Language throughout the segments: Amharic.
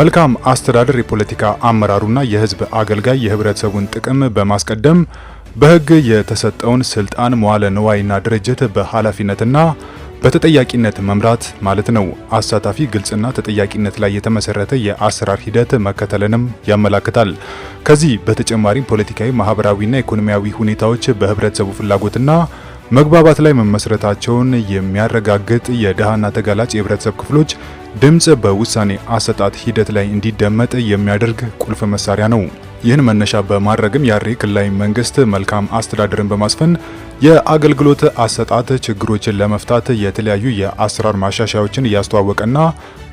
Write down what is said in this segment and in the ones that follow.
መልካም አስተዳደር የፖለቲካ አመራሩና የህዝብ አገልጋይ የህብረተሰቡን ጥቅም በማስቀደም በህግ የተሰጠውን ስልጣን መዋለ ንዋይና ድርጅት በኃላፊነትና በተጠያቂነት መምራት ማለት ነው። አሳታፊ ግልጽና ተጠያቂነት ላይ የተመሰረተ የአሰራር ሂደት መከተልንም ያመላክታል። ከዚህ በተጨማሪም ፖለቲካዊ፣ ማህበራዊና ኢኮኖሚያዊ ሁኔታዎች በህብረተሰቡ ፍላጎትና መግባባት ላይ መመስረታቸውን የሚያረጋግጥ የደሃና ተጋላጭ የህብረተሰብ ክፍሎች ድምፅ በውሳኔ አሰጣጥ ሂደት ላይ እንዲደመጥ የሚያደርግ ቁልፍ መሳሪያ ነው። ይህን መነሻ በማድረግም የሐረሪ ክልላዊ መንግስት መልካም አስተዳደርን በማስፈን የአገልግሎት አሰጣጥ ችግሮችን ለመፍታት የተለያዩ የአሰራር ማሻሻያዎችን እያስተዋወቀና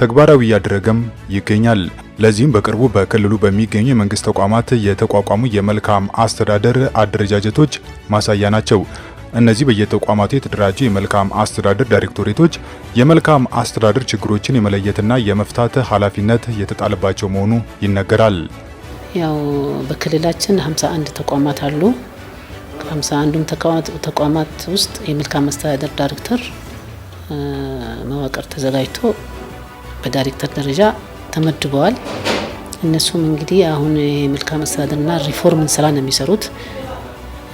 ተግባራዊ እያደረገም ይገኛል። ለዚህም በቅርቡ በክልሉ በሚገኙ የመንግስት ተቋማት የተቋቋሙ የመልካም አስተዳደር አደረጃጀቶች ማሳያ ናቸው። እነዚህ በየተቋማቱ የተደራጁ የመልካም አስተዳደር ዳይሬክቶሬቶች የመልካም አስተዳደር ችግሮችን የመለየትና የመፍታት ኃላፊነት የተጣለባቸው መሆኑ ይነገራል። ያው በክልላችን 51 ተቋማት አሉ ከ51ዱም ተቋማት ውስጥ የመልካም አስተዳደር ዳይሬክተር መዋቅር ተዘጋጅቶ በዳይሬክተር ደረጃ ተመድበዋል። እነሱም እንግዲህ አሁን የመልካም አስተዳደርና ሪፎርምን ስራ ነው የሚሰሩት።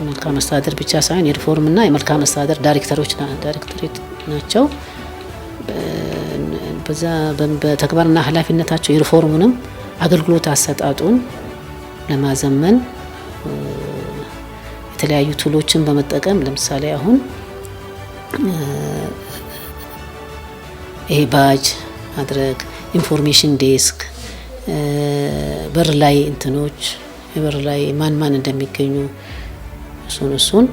መልካም አስተዳደር ብቻ ሳይሆን የሪፎርም እና የመልካም አስተዳደር ዳይሬክተሮች ዳይሬክቶሬት ናቸው። በዛ በተግባርና ኃላፊነታቸው የሪፎርሙንም አገልግሎት አሰጣጡን ለማዘመን የተለያዩ ቱሎችን በመጠቀም ለምሳሌ አሁን ይሄ ባጅ ማድረግ ኢንፎርሜሽን ዴስክ በር ላይ እንትኖች በር ላይ ማን ማን እንደሚገኙ እሱን እሱን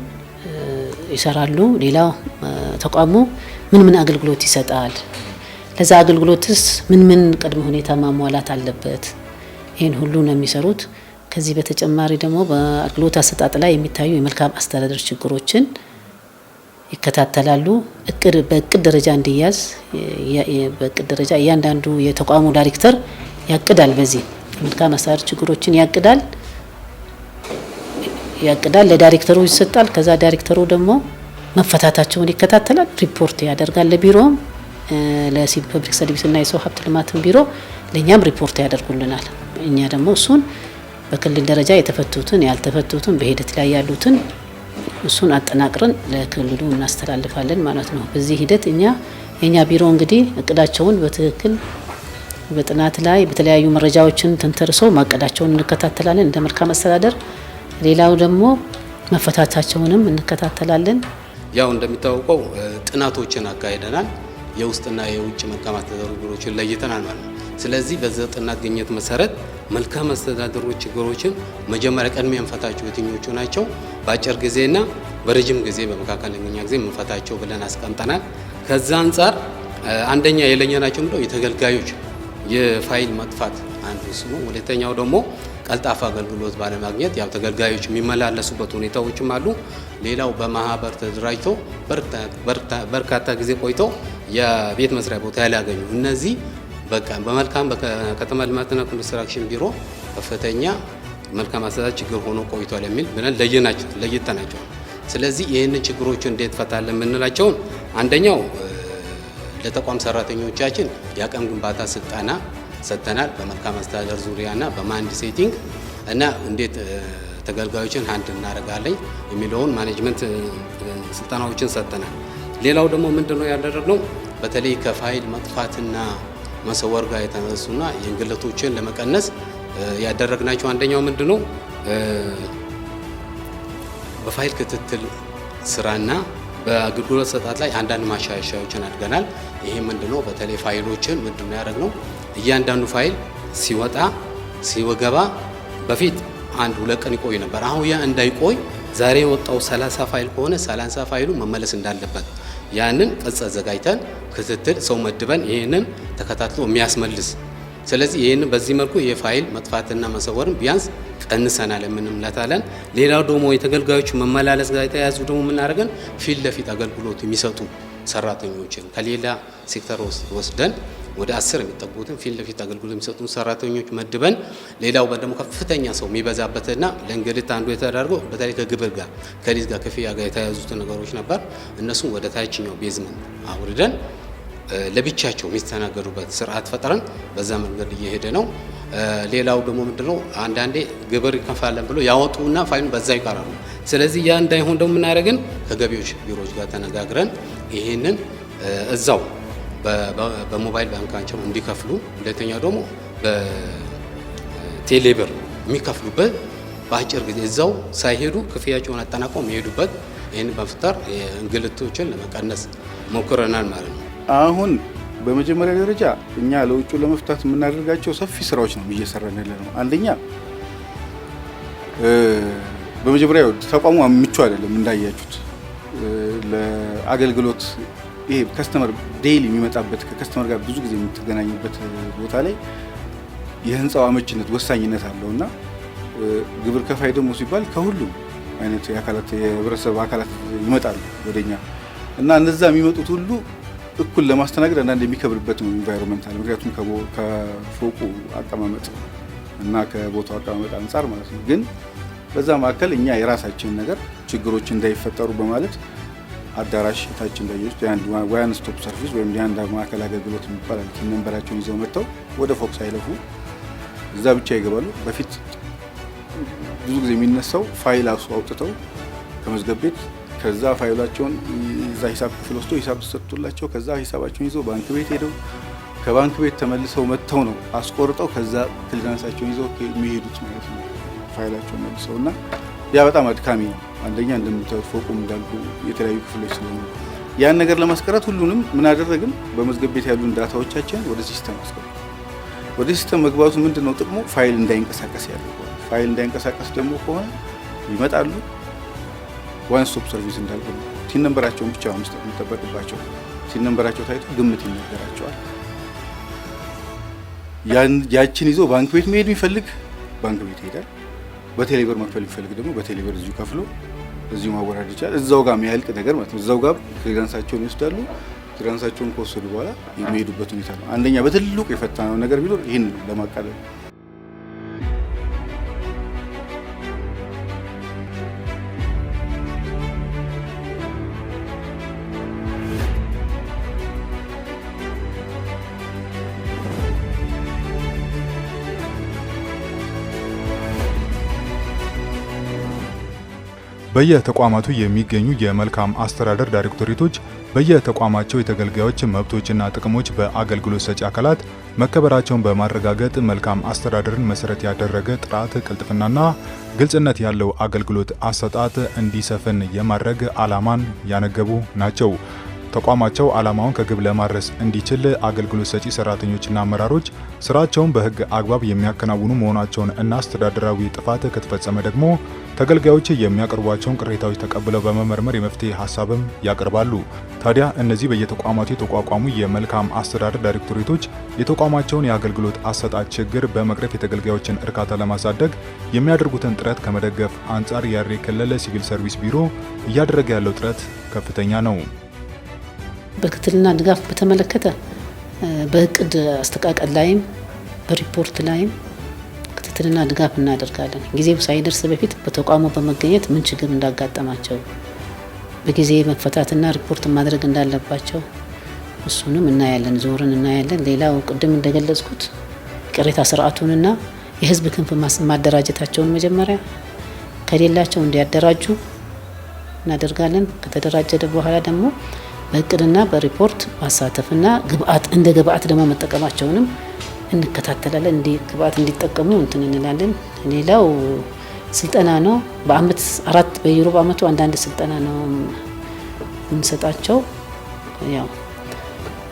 ይሰራሉ። ሌላው ተቋሙ ምን ምን አገልግሎት ይሰጣል፣ ለዛ አገልግሎትስ ምን ምን ቅድመ ሁኔታ ማሟላት አለበት፣ ይህን ሁሉ ነው የሚሰሩት። ከዚህ በተጨማሪ ደግሞ በአገልግሎት አሰጣጥ ላይ የሚታዩ የመልካም አስተዳደር ችግሮችን ይከታተላሉ። እቅድ በእቅድ ደረጃ እንዲያዝ በእቅድ ደረጃ እያንዳንዱ የተቋሙ ዳይሬክተር ያቅዳል። በዚህ መልካም አስተዳደር ችግሮችን ያቅዳል። ያቅዳል፣ ለዳይሬክተሩ ይሰጣል። ከዛ ዳይሬክተሩ ደግሞ መፈታታቸውን ይከታተላል፣ ሪፖርት ያደርጋል ለቢሮም ለሲቪል ፐብሊክ ሰርቪስ እና የሰው ሀብት ልማትን ቢሮ ለእኛም ሪፖርት ያደርጉልናል። እኛ ደግሞ እሱን በክልል ደረጃ የተፈቱትን ያልተፈቱትን፣ በሂደት ላይ ያሉትን እሱን አጠናቅረን ለክልሉ እናስተላልፋለን ማለት ነው። በዚህ ሂደት እኛ የእኛ ቢሮ እንግዲህ እቅዳቸውን በትክክል በጥናት ላይ በተለያዩ መረጃዎችን ተንተርሰው ማቀዳቸውን እንከታተላለን እንደ መልካም አስተዳደር ሌላው ደግሞ መፈታታቸውንም እንከታተላለን። ያው እንደሚታወቀው ጥናቶችን አካሂደናል። የውስጥና የውጭ መልካም አስተዳደር ችግሮችን ለይተናል ማለት ነው። ስለዚህ በዚህ ጥናት ግኝት መሰረት መልካም አስተዳደሩ ችግሮችን መጀመሪያ ቀድሜ የምንፈታቸው የትኞቹ ናቸው፣ በአጭር ጊዜና በረጅም ጊዜ በመካከለኛ ጊዜ የምንፈታቸው ብለን አስቀምጠናል። ከዛ አንጻር አንደኛ የለኛ ናቸው ምለው የተገልጋዮች የፋይል መጥፋት አንዱ ሲሆን ሁለተኛው ደግሞ ቀልጣፋ አገልግሎት ባለማግኘት ያው ተገልጋዮች የሚመላለሱበት ሁኔታዎችም አሉ። ሌላው በማህበር ተደራጅቶ በርካታ ጊዜ ቆይተው የቤት መስሪያ ቦታ ያላገኙ እነዚህ በቃ በመልካም በከተማ ልማትና ኮንስትራክሽን ቢሮ ከፍተኛ መልካም አስተዳደር ችግር ሆኖ ቆይቷል የሚል ብለን ለይተናቸዋል። ስለዚህ ይህንን ችግሮቹ እንዴት ፈታለን የምንላቸውን አንደኛው ለተቋም ሰራተኞቻችን የአቅም ግንባታ ስልጠና ሰጥተናል። በመልካም አስተዳደር ዙሪያና በማንድ ሴቲንግ እና እንዴት ተገልጋዮችን አንድ እናደርጋለን የሚለውን ማኔጅመንት ስልጠናዎችን ሰጥተናል። ሌላው ደግሞ ምንድን ነው ያደረግነው በተለይ ከፋይል መጥፋትና መሰወር ጋር የተነሱና የእንግልቶችን ለመቀነስ ያደረግናቸው አንደኛው ምንድን ነው በፋይል ክትትል ስራና በአገልግሎት ሰጣት ላይ አንዳንድ ማሻሻያዎችን አድርገናል። ይሄ ምንድነው በተለይ ፋይሎችን ምንድነው ያደረግነው እያንዳንዱ ፋይል ሲወጣ ሲወገባ በፊት አንድ ሁለት ቀን ይቆይ ነበር። አሁን ያ እንዳይቆይ ዛሬ የወጣው 30 ፋይል ከሆነ 30 ፋይሉ መመለስ እንዳለበት ያንን ቅጽ አዘጋጅተን ክትትል ሰው መድበን ይህንን ተከታትሎ የሚያስመልስ ስለዚህ ይህንን በዚህ መልኩ የፋይል መጥፋትና መሰወርን ቢያንስ ቀንሰናል የምንምለታለን። ሌላው ደግሞ የተገልጋዮቹ መመላለስ ጋር የተያያዙ ደግሞ የምናደርገን ፊት ለፊት አገልግሎት የሚሰጡ ሰራተኞችን ከሌላ ሴክተር ወስደን ወደ አስር የሚጠጉትን ፊት ለፊት አገልግሎት የሚሰጡ ሰራተኞች መድበን ሌላው ደግሞ ከፍተኛ ሰው የሚበዛበትና ለእንግልት አንዱ የተዳርገው በተለይ ከግብር ጋር ከሊዝ ጋር ክፍያ ጋር የተያዙት ነገሮች ነበር። እነሱም ወደ ታችኛው ቤዝመንት አውርደን ለብቻቸው የሚስተናገዱበት ስርዓት ፈጥረን በዛ መንገድ እየሄደ ነው። ሌላው ደግሞ ምንድነው አንዳንዴ ግብር ይከፋለን ብሎ ያወጡና ፋይሉ በዛ ይቀራሉ። ስለዚህ ያ እንዳይሆን ደግሞ የምናደርግን ከገቢዎች ቢሮዎች ጋር ተነጋግረን ይህንን እዛው በሞባይል ባንካቸው እንዲከፍሉ፣ ሁለተኛው ደግሞ በቴሌብር የሚከፍሉበት በአጭር ጊዜ እዛው ሳይሄዱ ክፍያቸውን አጠናቀው የሚሄዱበት ይህን በመፍጠር እንግልቶችን ለመቀነስ ሞክረናል ማለት ነው። አሁን በመጀመሪያ ደረጃ እኛ ለውጩ ለመፍታት የምናደርጋቸው ሰፊ ስራዎች ነው እየሰራን ያለ ነው። አንደኛ በመጀመሪያ ተቋሙ ምቹ አይደለም እንዳያችሁት ለአገልግሎት ይሄ ከስተመር ዴይሊ የሚመጣበት ከከስተመር ጋር ብዙ ጊዜ የምትገናኝበት ቦታ ላይ የህንፃው አመችነት ወሳኝነት አለው እና ግብር ከፋይ ደግሞ ሲባል ከሁሉም አይነት የአካላት የህብረተሰብ አካላት ይመጣሉ ወደኛ እና እነዛ የሚመጡት ሁሉ እኩል ለማስተናገድ አንዳንድ የሚከብርበት ነው ኢንቫይሮንመንት አለ። ምክንያቱም ከፎቁ አቀማመጥ እና ከቦታው አቀማመጥ አንጻር ማለት ነው። ግን በዛ መካከል እኛ የራሳችንን ነገር ችግሮች እንዳይፈጠሩ በማለት አዳራሽ ታች እንዳያችሁት የአንድ ዋን ስቶፕ ሰርቪስ ወይም የአንድ ማዕከል አገልግሎት የሚባል መንበራቸውን ይዘው መጥተው ወደ ፎቅ ሳይለፉ እዛ ብቻ ይገባሉ። በፊት ብዙ ጊዜ የሚነሳው ፋይል አሱ አውጥተው ከመዝገብ ቤት ከዛ ፋይላቸውን እዛ ሂሳብ ክፍል ወስዶ ሂሳብ ተሰጥቶላቸው ከዛ ሂሳባቸውን ይዘው ባንክ ቤት ሄደው ከባንክ ቤት ተመልሰው መጥተው ነው አስቆርጠው ከዛ ክሊራንሳቸውን ይዘው የሚሄዱት ማለት ነው። ፋይላቸውን መልሰው እና ያ በጣም አድካሚ ነው። አንደኛ እንደምታዩት ፎቁም እንዳልኩ የተለያዩ ክፍሎች ስለሆኑ ያን ነገር ለማስቀረት ሁሉንም ምን አደረግን? በመዝገብ ቤት ያሉን ዳታዎቻችን ወደ ሲስተም አስገቡ። ወደ ሲስተም መግባቱ ምንድን ነው ጥቅሙ? ፋይል እንዳይንቀሳቀስ ያደርገዋል። ፋይል እንዳይንቀሳቀስ ደግሞ ከሆነ ይመጣሉ። ዋን ስቶፕ ሰርቪስ እንዳልኩ ሲን ነንበራቸውን ብቻ መስጠት የሚጠበቅባቸው ሲን ታይቶ ግምት ይነገራቸዋል። ያችን ይዞ ባንክ ቤት መሄድ የሚፈልግ ባንክ ቤት ይሄዳል። በቴሌብር መክፈል የሚፈልግ ደግሞ በቴሌብር እዚሁ ከፍሎ እዚሁ ማወራድ ይቻላል። እዛው ጋር የሚያልቅ ነገር ማለት ነው። እዛው ጋር ክሊራንሳቸውን ይወስዳሉ። ክሊራንሳቸውን ከወሰዱ በኋላ የሚሄዱበት ሁኔታ ነው። አንደኛ በትልቁ የፈታ ነው ነገር ቢኖር ይህን ለማቃለል በየተቋማቱ የሚገኙ የመልካም አስተዳደር ዳይሬክቶሬቶች በየተቋማቸው የተገልጋዮች መብቶችና ጥቅሞች በአገልግሎት ሰጪ አካላት መከበራቸውን በማረጋገጥ መልካም አስተዳደርን መሰረት ያደረገ ጥራት፣ ቅልጥፍናና ግልጽነት ያለው አገልግሎት አሰጣጥ እንዲሰፍን የማድረግ ዓላማን ያነገቡ ናቸው። ተቋማቸው ዓላማውን ከግብ ለማድረስ እንዲችል አገልግሎት ሰጪ ሰራተኞችና አመራሮች ስራቸውን በህግ አግባብ የሚያከናውኑ መሆናቸውን እና አስተዳደራዊ ጥፋት ከተፈጸመ ደግሞ ተገልጋዮች የሚያቀርቧቸውን ቅሬታዎች ተቀብለው በመመርመር የመፍትሄ ሀሳብም ያቀርባሉ። ታዲያ እነዚህ በየተቋማቱ የተቋቋሙ የመልካም አስተዳደር ዳይሬክቶሬቶች የተቋማቸውን የአገልግሎት አሰጣጥ ችግር በመቅረፍ የተገልጋዮችን እርካታ ለማሳደግ የሚያደርጉትን ጥረት ከመደገፍ አንጻር የሐረሪ ክልል ሲቪል ሰርቪስ ቢሮ እያደረገ ያለው ጥረት ከፍተኛ ነው። በክትትልና ድጋፍ በተመለከተ በእቅድ አስተቃቀል ላይም በሪፖርት ላይም ክትትልና ድጋፍ እናደርጋለን። ጊዜው ሳይደርስ በፊት በተቋሙ በመገኘት ምን ችግር እንዳጋጠማቸው በጊዜ መፈታትና ሪፖርት ማድረግ እንዳለባቸው እሱንም እናያለን፣ ዞርን እናያለን። ሌላው ቅድም እንደገለጽኩት ቅሬታ ስርዓቱንና የህዝብ ክንፍ ማደራጀታቸውን መጀመሪያ ከሌላቸው እንዲያደራጁ እናደርጋለን። ከተደራጀ በኋላ ደግሞ በእቅድና በሪፖርት ማሳተፍና ግብአት እንደ ግብአት ደግሞ መጠቀማቸውንም እንከታተላለን። እንዲ ግብአት እንዲጠቀሙ እንትን እንላለን። ሌላው ስልጠና ነው። በአመት አራት በዩሮብ አመቱ አንዳንድ ስልጠና ነው የምንሰጣቸው። ያው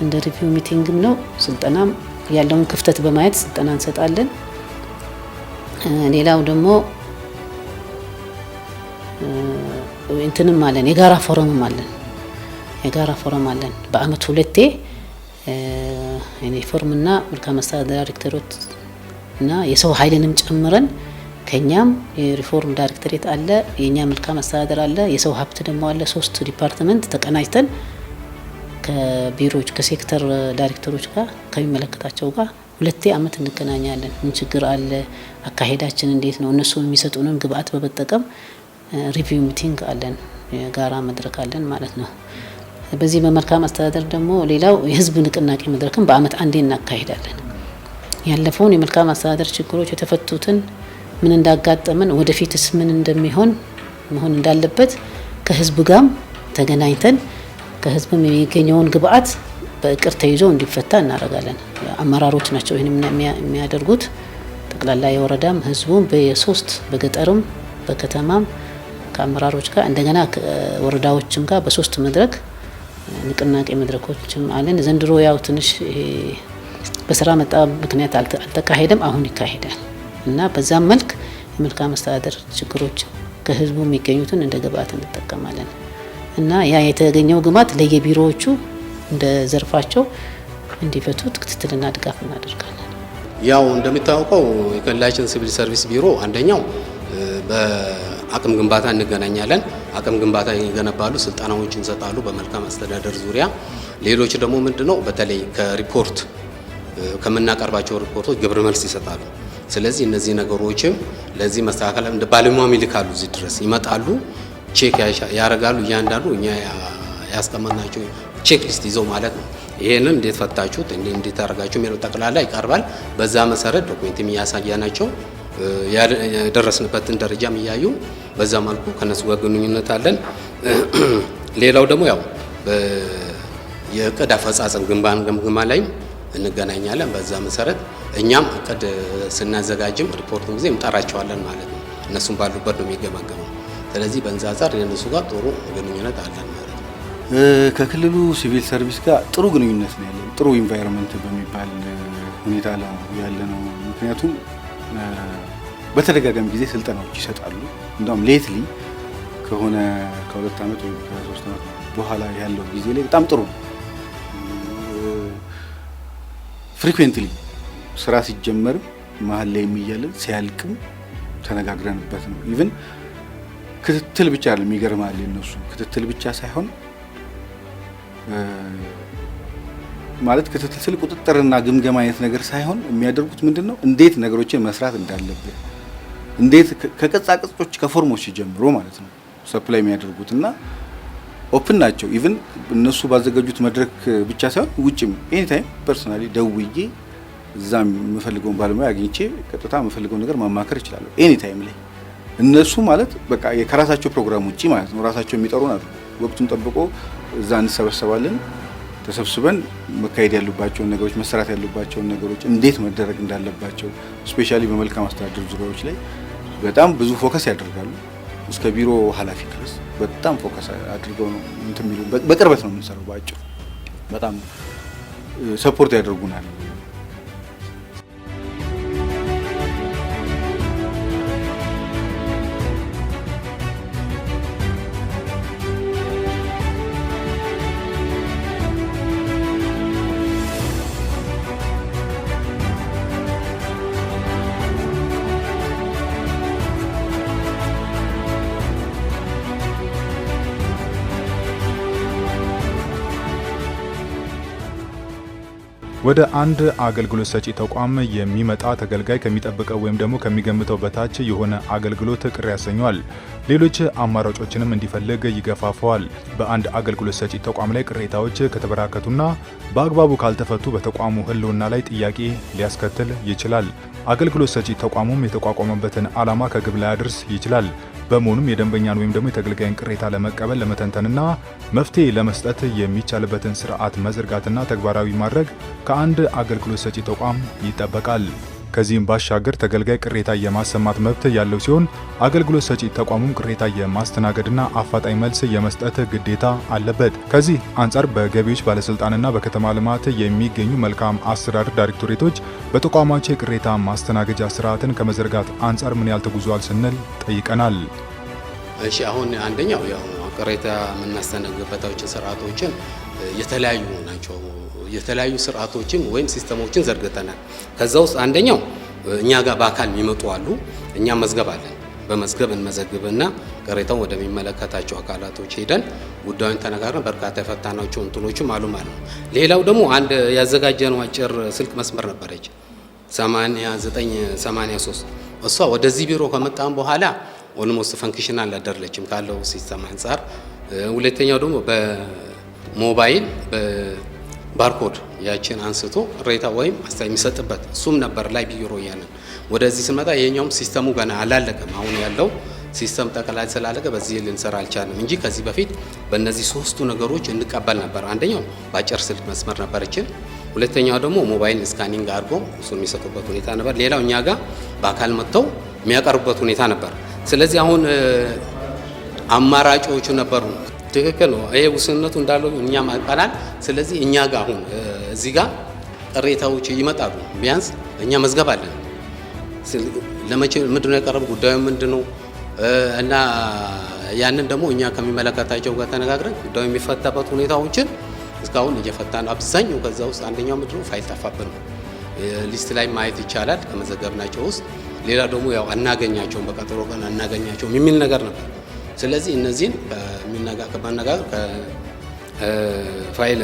እንደ ሪቪው ሚቲንግም ነው ስልጠና ያለውን ክፍተት በማየት ስልጠና እንሰጣለን። ሌላው ደግሞ እንትንም አለን የጋራ ፎረምም አለን የጋራ ፎረም አለን። በአመት ሁለቴ ዩኒፎርምና መልካም አስተዳደር ዳይሬክተሮች እና የሰው ኃይልንም ጨምረን ከኛም የሪፎርም ዳይሬክተሬት አለ፣ የኛ መልካም መስተዳደር አለ፣ የሰው ሀብት ደግሞ አለ። ሶስት ዲፓርትመንት ተቀናጅተን ከቢሮዎች ከሴክተር ዳይሬክተሮች ጋር ከሚመለከታቸው ጋር ሁለቴ አመት እንገናኛለን። ምን ችግር አለ፣ አካሄዳችን እንዴት ነው፣ እነሱ የሚሰጡንን ግብአት በመጠቀም ሪቪው ሚቲንግ አለን፣ የጋራ መድረክ አለን ማለት ነው። በዚህ በመልካም አስተዳደር ደግሞ ሌላው የህዝብ ንቅናቄ መድረክን በአመት አንዴ እናካሂዳለን። ያለፈውን የመልካም አስተዳደር ችግሮች የተፈቱትን ምን እንዳጋጠመን ወደፊትስ ምን እንደሚሆን መሆን እንዳለበት ከህዝብ ጋርም ተገናኝተን ከህዝብም የሚገኘውን ግብአት በእቅድ ተይዞ እንዲፈታ እናደርጋለን። አመራሮች ናቸው ይህን የሚያደርጉት። ጠቅላላ የወረዳም ህዝቡም በየሶስት በገጠርም በከተማም ከአመራሮች ጋር እንደገና ወረዳዎችም ጋር በሶስት መድረክ ንቅናቄ መድረኮችም አለን። ዘንድሮ ያው ትንሽ በስራ መጣ ምክንያት አልተካሄደም። አሁን ይካሄዳል እና በዛም መልክ የመልካም አስተዳደር ችግሮች ከህዝቡ የሚገኙትን እንደ ግብአት እንጠቀማለን እና ያ የተገኘው ግብአት ለየቢሮዎቹ እንደ ዘርፋቸው እንዲፈቱት ክትትልና ድጋፍ እናደርጋለን። ያው እንደሚታወቀው የክልላችን ሲቪል ሰርቪስ ቢሮ አንደኛው አቅም ግንባታ እንገናኛለን። አቅም ግንባታ ይገነባሉ፣ ስልጠናዎች እንሰጣሉ በመልካም አስተዳደር ዙሪያ። ሌሎች ደግሞ ምንድ ነው በተለይ ከሪፖርት ከምናቀርባቸው ሪፖርቶች ግብረ መልስ ይሰጣሉ። ስለዚህ እነዚህ ነገሮችም ለዚህ መስተካከል እንደ ባለሙያም ይልካሉ፣ እዚህ ድረስ ይመጣሉ፣ ቼክ ያደርጋሉ። እያንዳንዱ እኛ ያስቀመጥናቸው ቼክ ሊስት ይዘው ማለት ነው። ይሄንን እንዴት ፈታችሁት፣ እንዴት አደረጋችሁ የሚለው ጠቅላላ ይቀርባል። በዛ መሰረት ዶኩሜንትም ናቸው የደረስንበትን ደረጃም እያዩ በዛ መልኩ ከነሱ ጋር ግንኙነት አለን። ሌላው ደግሞ ያው የእቅድ አፈጻጸም ግንባን ግምገማ ላይ እንገናኛለን። በዛ መሰረት እኛም እቅድ ስናዘጋጅም ሪፖርቱን ጊዜ እንጠራቸዋለን ማለት ነው። እነሱም ባሉበት ነው የሚገመገመው። ስለዚህ በእንዛዛር አንጻር የእነሱ ጋር ጥሩ ግንኙነት አለን ማለት ነው። ከክልሉ ሲቪል ሰርቪስ ጋር ጥሩ ግንኙነት ነው ያለን። ጥሩ ኢንቫይሮንመንት በሚባል ሁኔታ ያለነው ያለ ነው። ምክንያቱም በተደጋጋሚ ጊዜ ስልጠናዎች ይሰጣሉ። እንደውም ሌትሊ ከሆነ ከሁለት ዓመት ወይም ከሶስት ዓመት በኋላ ያለው ጊዜ ላይ በጣም ጥሩ ነው። ፍሪኩዌንትሊ ስራ ሲጀመርም መሀል ላይ የሚያልን ሲያልቅም ተነጋግረንበት ነው። ኢቭን ክትትል ብቻ አይደለም። ይገርማል። እነሱ ክትትል ብቻ ሳይሆን ማለት ክትትል ስል ቁጥጥርና ግምገማ አይነት ነገር ሳይሆን የሚያደርጉት ምንድን ነው፣ እንዴት ነገሮችን መስራት እንዳለብህ እንዴት ከቅጻ ቅጾች ከፎርሞች ጀምሮ ማለት ነው ሰፕላይ የሚያደርጉት እና ኦፕን ናቸው። ኢቭን እነሱ ባዘጋጁት መድረክ ብቻ ሳይሆን ውጭም ኤኒታይም ፐርሶናሊ ደውዬ እዛ የምፈልገውን ባለሙያ አግኝቼ ቀጥታ የምፈልገውን ነገር ማማከር እችላለሁ። ኤኒታይም ላይ እነሱ ማለት በቃ ከራሳቸው ፕሮግራም ውጭ ማለት ነው ራሳቸው የሚጠሩ ናቸው። ወቅቱን ጠብቆ እዛ እንሰበሰባለን። ተሰብስበን መካሄድ ያሉባቸውን ነገሮች፣ መሰራት ያሉባቸውን ነገሮች እንዴት መደረግ እንዳለባቸው እስፔሻሊ በመልካም አስተዳደር ዙሪያዎች ላይ በጣም ብዙ ፎከስ ያደርጋሉ። እስከ ቢሮ ኃላፊ ድረስ በጣም ፎከስ አድርገው ነው እንትን የሚሉ በቅርበት ነው የምንሰራው። በአጭሩ በጣም ሰፖርት ያደርጉናል። ወደ አንድ አገልግሎት ሰጪ ተቋም የሚመጣ ተገልጋይ ከሚጠብቀው ወይም ደግሞ ከሚገምተው በታች የሆነ አገልግሎት ቅር ያሰኘዋል። ሌሎች አማራጮችንም እንዲፈልግ ይገፋፈዋል። በአንድ አገልግሎት ሰጪ ተቋም ላይ ቅሬታዎች ከተበራከቱና በአግባቡ ካልተፈቱ በተቋሙ ሕልውና ላይ ጥያቄ ሊያስከትል ይችላል። አገልግሎት ሰጪ ተቋሙም የተቋቋመበትን ዓላማ ከግብ አድርስ ይችላል። በመሆኑም የደንበኛን ወይም ደግሞ የተገልጋይን ቅሬታ ለመቀበል ለመተንተንና መፍትሄ ለመስጠት የሚቻልበትን ስርዓት መዘርጋትና ተግባራዊ ማድረግ ከአንድ አገልግሎት ሰጪ ተቋም ይጠበቃል። ከዚህም ባሻገር ተገልጋይ ቅሬታ የማሰማት መብት ያለው ሲሆን አገልግሎት ሰጪ ተቋሙም ቅሬታ የማስተናገድና አፋጣኝ መልስ የመስጠት ግዴታ አለበት። ከዚህ አንጻር በገቢዎች ባለስልጣንና በከተማ ልማት የሚገኙ መልካም አስተዳደር ዳይሬክቶሬቶች በተቋማቸው የቅሬታ ማስተናገጃ ስርዓትን ከመዘርጋት አንጻር ምን ያህል ተጉዟል ስንል ጠይቀናል። እሺ፣ አሁን አንደኛው ያው ቅሬታ የምናስተናግድባቸው ስርዓቶችን የተለያዩ ናቸው። የተለያዩ ስርዓቶችን ወይም ሲስተሞችን ዘርግተናል። ከዛ ውስጥ አንደኛው እኛ ጋር በአካል የሚመጡ አሉ። እኛ መዝገብ አለን። በመዝገብ እንመዘግብና ቅሬታውን ወደሚመለከታቸው አካላቶች ሄደን ጉዳዩን ተነጋግረን በርካታ የፈታናቸው እንትኖችም አሉ ማለት ነው። ሌላው ደግሞ አንድ ያዘጋጀነው አጭር ስልክ መስመር ነበረች 8983 እሷ ወደዚህ ቢሮ ከመጣም በኋላ ኦልሞስት ፈንክሽናል አላደረለችም ካለው ሲስተም አንጻር። ሁለተኛው ደግሞ በሞባይል ባርኮድ ያችን አንስቶ ሬታ ወይም አስታ የሚሰጥበት እሱም ነበር ላይ ቢሮ ያንን ወደዚህ ስመጣ የኛውም ሲስተሙ ገና አላለቀም። አሁን ያለው ሲስተም ጠቅላላ ስላለቀ በዚህ ልንሰራ አልቻለም እንጂ ከዚህ በፊት በእነዚህ ሶስቱ ነገሮች እንቀበል ነበር። አንደኛው በአጭር ስልክ መስመር ነበረችን። ሁለተኛው ደግሞ ሞባይል ስካኒንግ አድርጎ እሱ የሚሰጡበት ሁኔታ ነበር። ሌላው እኛ ጋር በአካል መጥተው የሚያቀርቡበት ሁኔታ ነበር። ስለዚህ አሁን አማራጮቹ ነበሩ። ትክክል ነው። ይሄ ውስንነቱ እንዳለው እኛም አውቀናል። ስለዚህ እኛ ጋር አሁን እዚህ ጋር ቅሬታዎች ይመጣሉ። ቢያንስ እኛ መዝገብ አለን። ለመቼ ምንድነው ያቀረበ ጉዳዩ ምንድነው እና ያንን ደግሞ እኛ ከሚመለከታቸው ጋር ተነጋግረን ጉዳዩ የሚፈታበት ሁኔታዎችን እስካሁን ነው። አብዛኛው ከዛ ውስጥ አንደኛው ምንድነው ፋይል ጠፋብን ነው ሊስት ላይ ማየት ይቻላል ከመዘገብናቸው ውስጥ ሌላ ደግሞ ያው አናገኛቸውም በቀጠሮ ቀን አናገኛቸውም የሚል ነገር ነበር። ስለዚህ እነዚህን ከመነጋገር ከፋይል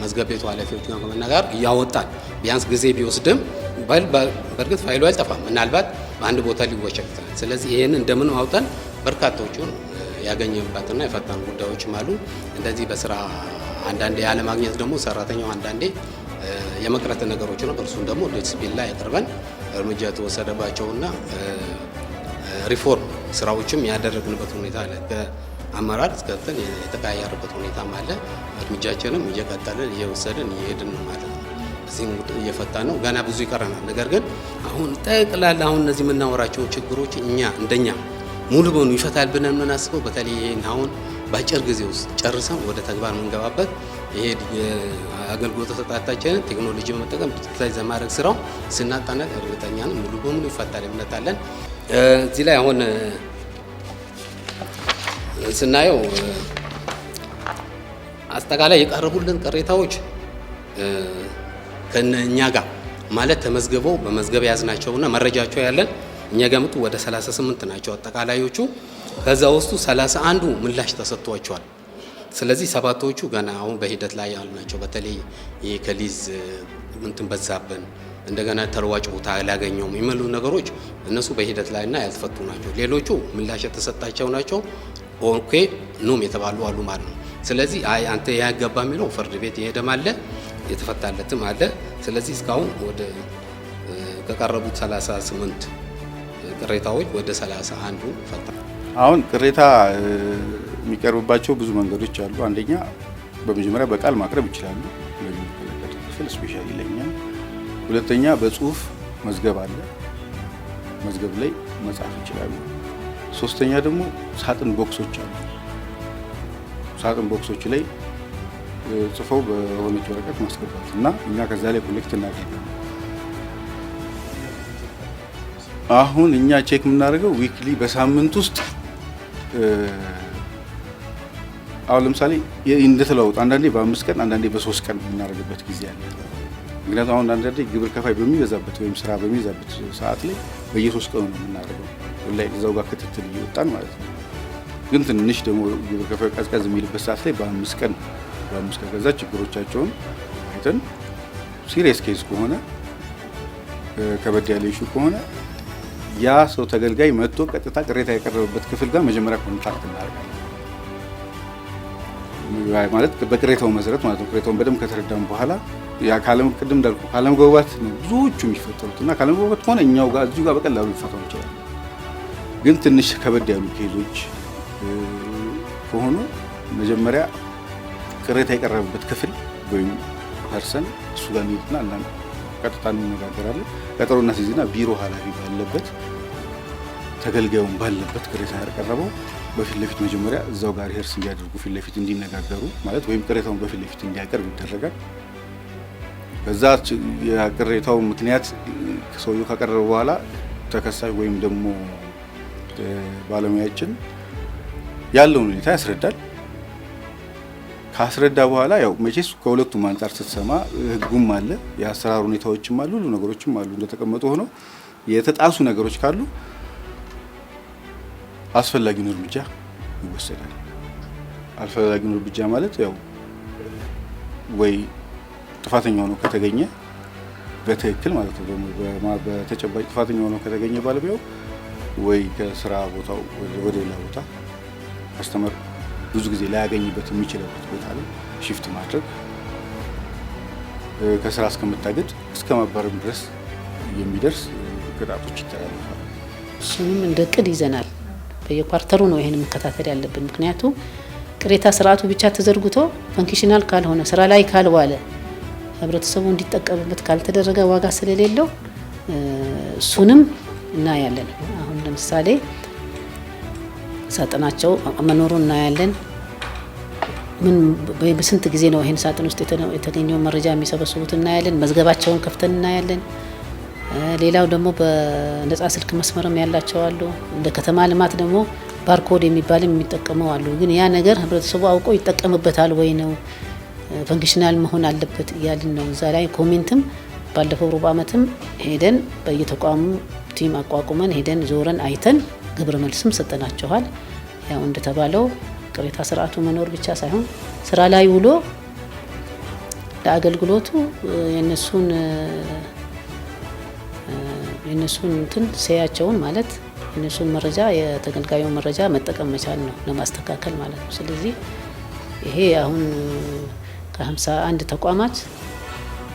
መዝገብ ቤቱ ኃላፊዎች ጋር ከመነጋገር እያወጣን ቢያንስ ጊዜ ቢወስድም በእርግጥ ፋይሉ አይጠፋም። ምናልባት በአንድ ቦታ ሊወሸቅ ይችላል። ስለዚህ ይህን እንደምን አውጠን በርካታዎቹን ያገኘንባትና የፈታን ጉዳዮችም አሉ። እንደዚህ በስራ አንዳንዴ ያለማግኘት ደግሞ ሰራተኛው አንዳንዴ የመቅረት ነገሮች ነው። እርሱን ደግሞ ዲስፕሊን ላይ እርምጃ የተወሰደባቸውና ሪፎርም ስራዎችም ያደረግንበት ሁኔታ አለ። አመራር እስከተን የተቀያየረበት ሁኔታም አለ። እርምጃችንም እየቀጠልን እየወሰድን እየሄድን ነው ማለት ነው። እዚህም እየፈታ ነው። ገና ብዙ ይቀረናል። ነገር ግን አሁን ጠቅላላ አሁን እነዚህ የምናወራቸው ችግሮች እኛ እንደኛ ሙሉ በሙሉ ይፈታል ብለን የምናስበው በተለይ ይህን አሁን በአጭር ጊዜ ውስጥ ጨርሰን ወደ ተግባር የምንገባበት ይሄ አገልግሎት ተሰጣጣችንን ቴክኖሎጂ በመጠቀም ዲጂታላይዝ ማድረግ ስራው ስናጠናቅ እርግጠኛ ነው ሙሉ በሙሉ ይፈታል እምነት አለን። እዚህ ላይ አሁን ስናየው አጠቃላይ የቀረቡልን ቅሬታዎች ከእኛ ጋር ማለት ተመዝግበው በመዝገብ ያዝናቸውና መረጃቸው ያለን እኛ ጋር ምጡ ወደ 38 ናቸው አጠቃላዮቹ። ከዛ ውስጡ 31 ምላሽ ተሰጥቷቸዋል። ስለዚህ ሰባቶቹ ገና አሁን በሂደት ላይ ያሉ ናቸው። በተለይ ይህ ከሊዝ ምንትን በዛብን እንደገና ተለዋጭ ቦታ አላገኘውም የሚሉ ነገሮች እነሱ በሂደት ላይና ያልተፈቱ ናቸው። ሌሎቹ ምላሽ የተሰጣቸው ናቸው። ኦንኬ ኑም የተባሉ አሉ ማለት ነው። ስለዚህ አይ አንተ ያገባ አይገባ የሚለው ፍርድ ቤት የሄደም አለ የተፈታለትም አለ። ስለዚህ እስካሁን ወደ ከቀረቡት 38 ቅሬታዎች ወደ 31ዱ ፈታ። አሁን ቅሬታ የሚቀርብባቸው ብዙ መንገዶች አሉ። አንደኛ በመጀመሪያ በቃል ማቅረብ ይችላሉ ለሚመለከተው ክፍል ስፔሻሊ ለኛ። ሁለተኛ በጽሁፍ መዝገብ አለ፣ መዝገብ ላይ መጻፍ ይችላሉ። ሶስተኛ ደግሞ ሳጥን ቦክሶች አሉ። ሳጥን ቦክሶች ላይ ጽፈው በሆነች ወረቀት ማስገባት እና እኛ ከዛ ላይ ኮሌክት እናደርጋለን። አሁን እኛ ቼክ የምናደርገው ዊክሊ በሳምንት ውስጥ አሁን ለምሳሌ እንደተለዋወጡ አንዳንዴ በአምስት ቀን አንዳንዴ በሶስት ቀን የምናደርግበት ጊዜ አለ። ምክንያቱም አሁን አንዳንዴ ግብር ከፋይ በሚበዛበት ወይም ስራ በሚበዛበት ሰዓት ላይ በየሶስት ቀኑ ነው የምናደርገው። ላይ እዛው ጋር ክትትል እየወጣን ማለት ነው። ግን ትንሽ ደግሞ ግብር ከፋዩ ቀዝቀዝ የሚልበት ሰዓት ላይ በአምስት ቀን በአምስት ቀን ከዛ ችግሮቻቸውን አይተን ሲሪየስ ኬዝ ከሆነ ከበድ ያለ ኢሹ ከሆነ ያ ሰው ተገልጋይ መጥቶ ቀጥታ ቅሬታ የቀረበበት ክፍል ጋር መጀመሪያ ኮንታክት እናደርጋለን። ማለት በቅሬታው መሰረት ማለት ነው። ቅሬታውን በደንብ ከተረዳም በኋላ ያ ካለም ቅድም እንዳልኩ ካለመግባባት ብዙዎቹ የሚፈጠሩት እና ካለመግባባት ከሆነ እኛው ጋር እዚሁ ጋር በቀላሉ ሊፈታው ይችላል። ግን ትንሽ ከበድ ያሉ ኬዞች ከሆኑ መጀመሪያ ቅሬታ የቀረበበት ክፍል ወይም ፐርሰን እሱ ጋር ሚሄድና አንዳንድ ቀጥታ እንነጋገራለን። ቀጠሮና ሲዝና ቢሮ ኃላፊ ባለበት ተገልጋዩን ባለበት ቅሬታ ያቀረበው በፊት ለፊት መጀመሪያ እዛው ጋር ሄርስ እንዲያደርጉ ፊት ለፊት እንዲነጋገሩ ማለት ወይም ቅሬታውን በፊት ለፊት እንዲያቀርብ ይደረጋል። በዛ የቅሬታው ምክንያት ሰውየው ካቀረበ በኋላ ተከሳሽ ወይም ደግሞ ባለሙያችን ያለውን ሁኔታ ያስረዳል። ካስረዳ በኋላ ያው መቼስ ከሁለቱም አንጻር ስትሰማ ህጉም አለ የአሰራር ሁኔታዎችም አሉ፣ ሁሉ ነገሮችም አሉ። እንደተቀመጡ ሆነው የተጣሱ ነገሮች ካሉ አስፈላጊውን እርምጃ ይወሰዳል። አስፈላጊውን እርምጃ ማለት ያው ወይ ጥፋተኛ ሆኖ ከተገኘ በትክክል ማለት ነው። በተጨባጭ ጥፋተኛ ሆኖ ከተገኘ ባለሙያው ወይ ከስራ ቦታው ወደ ሌላ ቦታ አስተመር ብዙ ጊዜ ላያገኝበት የሚችልበት ቦታ ላይ ሺፍት ማድረግ ከስራ እስከመታገድ እስከ ድረስ የሚደርስ ቅጣቶች ይተላለፋል። እሱንም እንደ ቅድ ይዘናል። በየኳርተሩ ነው ይህን መከታተል ያለብን። ምክንያቱ ቅሬታ ስርዓቱ ብቻ ተዘርግቶ ፈንክሽናል ካልሆነ ስራ ላይ ካልዋለ ህብረተሰቡ እንዲጠቀምበት ካልተደረገ ዋጋ ስለሌለው እሱንም እናያለን። ለምሳሌ ሳጥናቸው መኖሩ እናያለን። ምን በስንት ጊዜ ነው ይህን ሳጥን ውስጥ የተገኘው መረጃ የሚሰበስቡት እናያለን። መዝገባቸውን ከፍተን እናያለን። ሌላው ደግሞ በነጻ ስልክ መስመርም ያላቸው አሉ። እንደ ከተማ ልማት ደግሞ ባርኮድ የሚባልም የሚጠቀመው አሉ። ግን ያ ነገር ህብረተሰቡ አውቆ ይጠቀምበታል ወይ ነው ፈንክሽናል መሆን አለበት እያልን ነው። እዛ ላይ ኮሜንትም ባለፈው ሩብ ዓመትም ሄደን በየተቋሙ ቲም አቋቁመን ሄደን ዞረን አይተን ግብረ መልስም ሰጠናቸዋል። ያው እንደተባለው ቅሬታ ስርዓቱ መኖር ብቻ ሳይሆን ስራ ላይ ውሎ ለአገልግሎቱ የነሱን የነሱን እንትን ሰያቸውን ማለት የነሱን መረጃ የተገልጋዩ መረጃ መጠቀም መቻል ነው ለማስተካከል ማለት ነው። ስለዚህ ይሄ አሁን ከ51 ተቋማት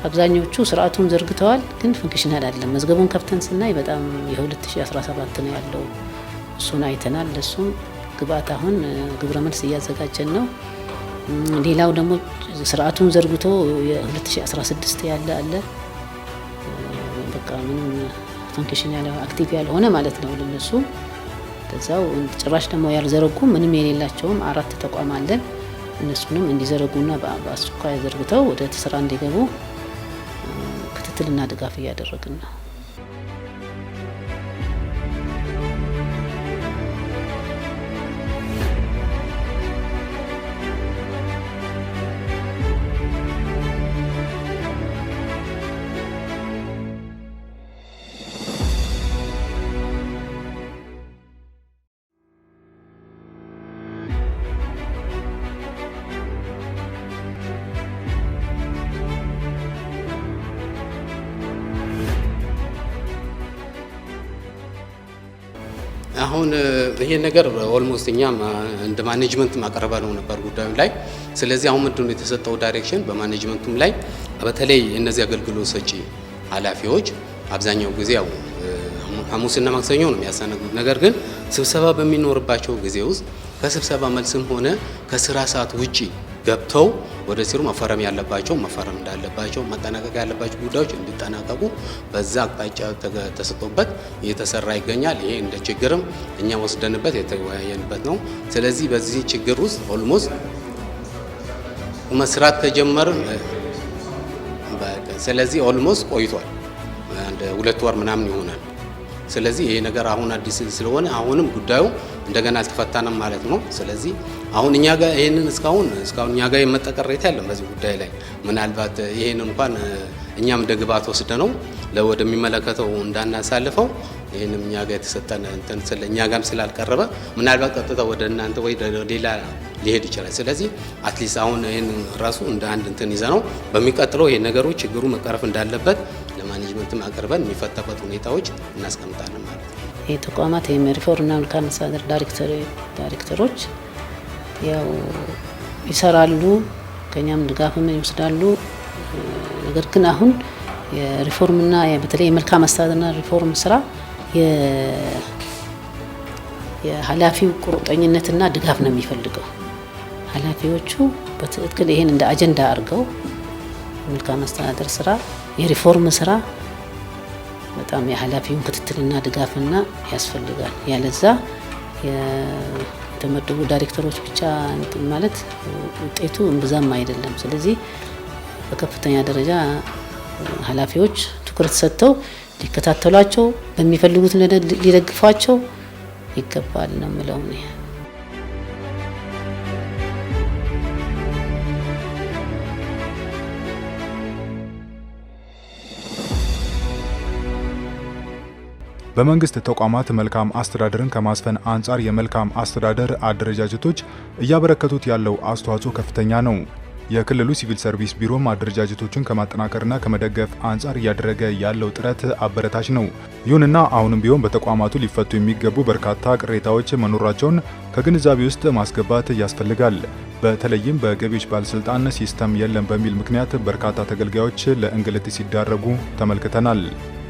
አብዛኞቹ ስርዓቱን ዘርግተዋል፣ ግን ፈንክሽናል አይደለም። መዝገቡን ከፍተን ስናይ በጣም የ2017 ነው ያለው። እሱን አይተናል። ለሱም ግብአት አሁን ግብረ መልስ እያዘጋጀን ነው። ሌላው ደግሞ ስርዓቱን ዘርግቶ የ2016 ያለ አለ። በቃ ምንም ፈንክሽን ያለ አክቲቭ ያልሆነ ማለት ነው ለነሱ ከዛው ጭራሽ ደግሞ ያልዘረጉ ምንም የሌላቸውም አራት ተቋም አለን። እነሱንም እንዲዘረጉና በአስቸኳይ ዘርግተው ወደ ስራ እንዲገቡ ክትትልና ድጋፍ እያደረግን ነው። አሁን ይሄን ነገር ኦልሞስት እኛ እንደ ማኔጅመንት ማቀረበ ነው ነበር ጉዳዩ ላይ። ስለዚህ አሁን ምንድን ነው የተሰጠው ዳይሬክሽን በማኔጅመንቱም ላይ በተለይ እነዚህ አገልግሎት ሰጪ ኃላፊዎች አብዛኛው ጊዜ ያው ሐሙስና ማክሰኞ ነው የሚያስተናግዱት። ነገር ግን ስብሰባ በሚኖርባቸው ጊዜ ውስጥ ከስብሰባ መልስም ሆነ ከስራ ሰዓት ውጪ ገብተው ወደ ሲሩ መፈረም ያለባቸው መፈረም እንዳለባቸው መጠናቀቅ ያለባቸው ጉዳዮች እንዲጠናቀቁ በዛ አቅጣጫ ተሰጥቶበት እየተሰራ ይገኛል። ይሄ እንደ ችግርም እኛ ወስደንበት የተወያየንበት ነው። ስለዚህ በዚህ ችግር ውስጥ ኦልሞስት መስራት ተጀመር። ስለዚህ ኦልሞስት ቆይቷል። አንድ ሁለት ወር ምናምን ይሆናል። ስለዚህ ይሄ ነገር አሁን አዲስ ስለሆነ አሁንም ጉዳዩ እንደገና አልተፈታንም ማለት ነው። ስለዚህ አሁን እኛ ጋር ይህንን እስካሁን እስካሁን እኛ ጋር የመጣ ቅሬታ የለም በዚህ ጉዳይ ላይ ምናልባት ይህን እንኳን እኛም ደግባት ወስደ ነው ወደሚመለከተው እንዳናሳልፈው ይህንም እኛ ጋር የተሰጠን እንትን ስለ እኛ ጋርም ስላልቀረበ ምናልባት ቀጥታ ወደ እናንተ ወይ ሌላ ሊሄድ ይችላል። ስለዚህ አትሊስት አሁን ይህን ራሱ እንደ አንድ እንትን ይዘ ነው በሚቀጥለው ይህ ነገሮች ችግሩ መቀረፍ እንዳለበት ለማኔጅመንትም አቅርበን የሚፈታበት ሁኔታዎች እናስቀምጣለን ማለት ነው። የተቋማት የሪፎርምና መልካም አስተዳደር ዳይሬክተሮች ያው ይሰራሉ፣ ከኛም ድጋፍም ይወስዳሉ። ነገር ግን አሁን የሪፎርምና በተለይ የመልካም አስተዳደርና ሪፎርም ስራ የኃላፊው ቁርጠኝነትና ድጋፍ ነው የሚፈልገው። ኃላፊዎቹ በትክክል ይሄን እንደ አጀንዳ አድርገው የመልካም አስተዳደር ስራ የሪፎርም ስራ በጣም የኃላፊውን ክትትልና ድጋፍና ያስፈልጋል። ያለዛ የተመደቡ ዳይሬክተሮች ብቻ እንትን ማለት ውጤቱ እምብዛም አይደለም። ስለዚህ በከፍተኛ ደረጃ ኃላፊዎች ትኩረት ሰጥተው ሊከታተሏቸው በሚፈልጉት ሊደግፏቸው ይገባል ነው ምለው። በመንግስት ተቋማት መልካም አስተዳደርን ከማስፈን አንጻር የመልካም አስተዳደር አደረጃጀቶች እያበረከቱት ያለው አስተዋጽኦ ከፍተኛ ነው። የክልሉ ሲቪል ሰርቪስ ቢሮም አደረጃጀቶችን ከማጠናከርና ከመደገፍ አንጻር እያደረገ ያለው ጥረት አበረታች ነው። ይሁንና አሁንም ቢሆን በተቋማቱ ሊፈቱ የሚገቡ በርካታ ቅሬታዎች መኖራቸውን ከግንዛቤ ውስጥ ማስገባት ያስፈልጋል። በተለይም በገቢዎች ባለስልጣን ሲስተም የለም በሚል ምክንያት በርካታ ተገልጋዮች ለእንግልት ሲዳረጉ ተመልክተናል።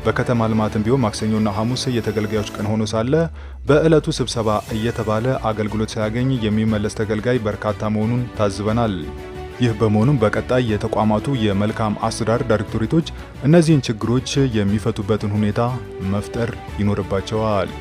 በከተማ ልማትም ቢሆን ማክሰኞና ሐሙስ የተገልጋዮች ቀን ሆኖ ሳለ በዕለቱ ስብሰባ እየተባለ አገልግሎት ሳያገኝ የሚመለስ ተገልጋይ በርካታ መሆኑን ታዝበናል። ይህ በመሆኑም በቀጣይ የተቋማቱ የመልካም አስተዳደር ዳይሬክቶሬቶች እነዚህን ችግሮች የሚፈቱበትን ሁኔታ መፍጠር ይኖርባቸዋል።